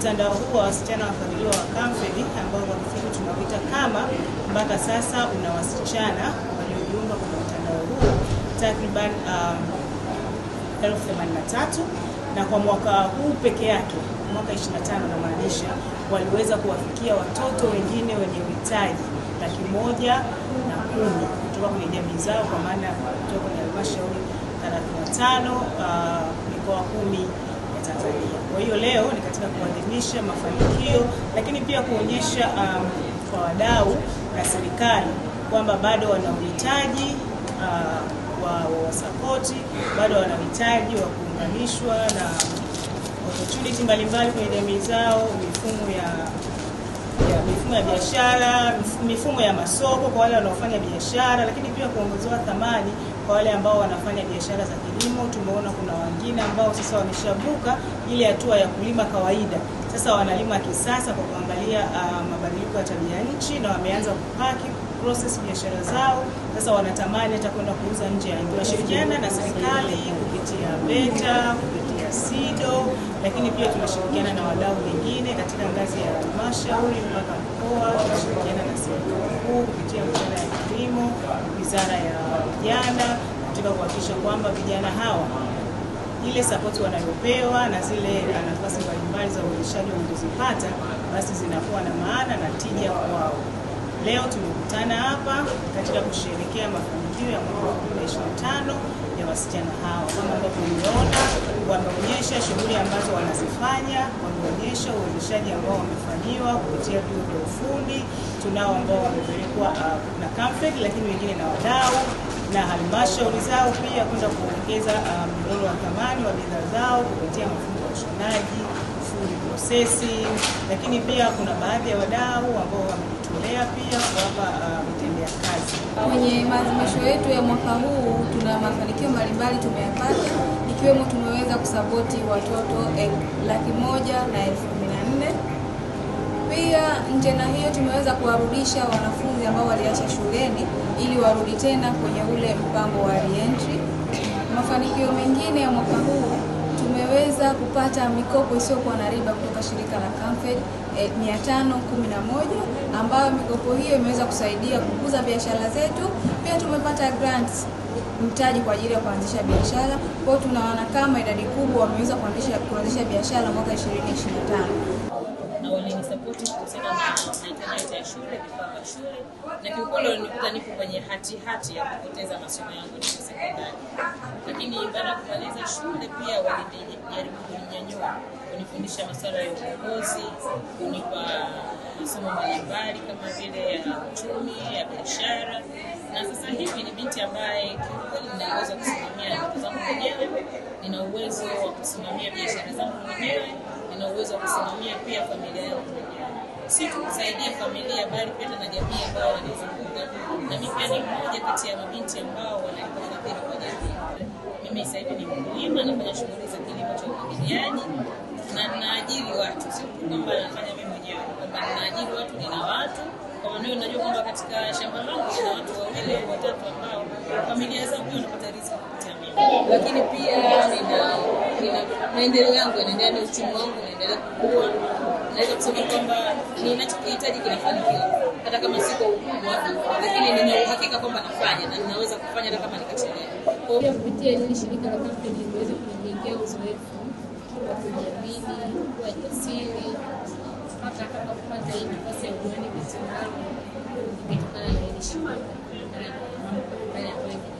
Mtanda huu wa wasichana wafadhiliwa wa Kamfed ambao kwa kifupi tunauita kama, mpaka sasa una wasichana waliojiunga kwenye mtandao huu takriban um, elfu themanini na tatu na kwa mwaka huu peke yake, mwaka 25 namaanisha, waliweza kuwafikia watoto wengine wenye uhitaji laki moja na kumi kutoka kwenye jamii zao, kwa maana kutoka kwenye halmashauri 35 uh, mikoa kumi Tanzania. Kwa hiyo leo ni katika kuadhimisha mafanikio, lakini pia kuonyesha um, kwa wadau na serikali kwamba bado wana uhitaji uh, wa, wa bado wana uhitaji wa kuunganishwa na opportunity mbalimbali kwenye jamii zao, mifumo ya mifumo ya biashara, mifumo ya masoko kwa wale wanaofanya biashara, lakini pia kuongezewa thamani kwa wale ambao wanafanya biashara za kilimo. Tumeona kuna wengine ambao sasa wameshavuka ile hatua ya kulima kawaida, sasa wanalima kisasa kwa kuangalia uh, mabadiliko ya tabia nchi, na wameanza kupaki process biashara zao, sasa wanatamani hata kwenda kuuza nje ya nchi. Tunashirikiana na serikali kupitia BETA kupitia SIDO, lakini pia tulishirikiana na wadau wengine katika ngazi ya halmashauri mpaka mkoa, tulishirikiana na serikali kuu kupitia wizara ya kilimo, wizara ya vijana, katika kuhakikisha kwamba vijana hawa ile sapoti wanayopewa na zile nafasi mbalimbali za uwezeshaji wanazozipata basi zinakuwa na maana na tija kwao. Leo tumekutana hapa katika kusherehekea mafanikio ya mwaka 2025 ya wasichana hawa kama ambavyo wameonyesha shughuli ambazo wanazifanya, wameonyesha uwezeshaji ambao wamefanyiwa kupitia vyuo vya ufundi. Tunao ambao wamepelekwa uh, na Camfed, lakini wengine na wadau na halmashauri zao pia kwenda kuongeza uh, mdororo um, wa thamani wa bidhaa zao kupitia mafunzo ya ushonaji, ufundi prosesi, lakini pia kuna baadhi ya wadau ambao wamejitolea pia kuwapa uh, vitendea uh, kazi. Kwenye maadhimisho yetu ya mwaka huu tuna mafanikio mbalimbali tumeyapata ikiwemo tumeweza kusapoti watoto laki moja na elfu kumi na nne. Pia nje na hiyo tumeweza kuwarudisha wanafunzi ambao waliacha shuleni ili warudi tena kwenye ule mpango wa reentry. Mafanikio mengine ya mwaka huu Umeweza kupata mikopo isiyokuwa na riba kutoka shirika la Camfed 511 eh, ambayo mikopo hiyo imeweza kusaidia kukuza biashara zetu. Pia tumepata grants mtaji kwa ajili ya kuanzisha biashara. Kwa tunaona kama idadi kubwa wameweza kuanzisha biashara mwaka 2025 na walinisapoti kuhusiana na internet ya shule, vifaa vya shule, na kiukweli walinikuta niko kwenye hatihati ya kupoteza masomo yangu ya sekondari. Lakini baada ya kumaliza shule, pia walijaribu kuninyanyua, kunifundisha masuala ya uongozi, kunipa masomo mbalimbali kama vile ya uchumi, ya biashara, na sasa hivi ni binti ambaye kiukweli ninaweza kusimamia ndoto zangu mwenyewe, nina uwezo wa kusimamia biashara zangu mwenyewe, nina uwezo kusimamia pia familia yao si tu kusaidia familia, bali pia na jamii ambao wanizunguka. Na mimi pia ni mmoja kati ya mabinti ambao wanalikuwa wanapenda kwa jamii. Mimi sasa hivi ni mkulima, nafanya shughuli za kilimo cha umwagiliaji na naajiri watu, sio kwamba nafanya mimi mwenyewe, kwamba naajiri watu, nina watu kwa maana najua kwamba katika shamba langu kuna watu wawili au watatu ambao familia zao pia wanapata riziki kupitia mimi, lakini pia nina maendeleo yangu yanaendelea na uchumi wangu unaendelea kukua. Naweza kusema kwamba ninachokihitaji kinafanikiwa, hata kama siko ukubwa, lakini nina uhakika kwamba nafanya na ninaweza kufanya hata kama nikachelewa. Kwa hiyo kupitia hili shirika la kampeni iliweza kujijengea uzoefu wa kujiamini, kuwa jasiri, mpaka kama kupata hii nafasi ya uani vizuri ikitokana na hili shirika na mambo mbalimbali ambayo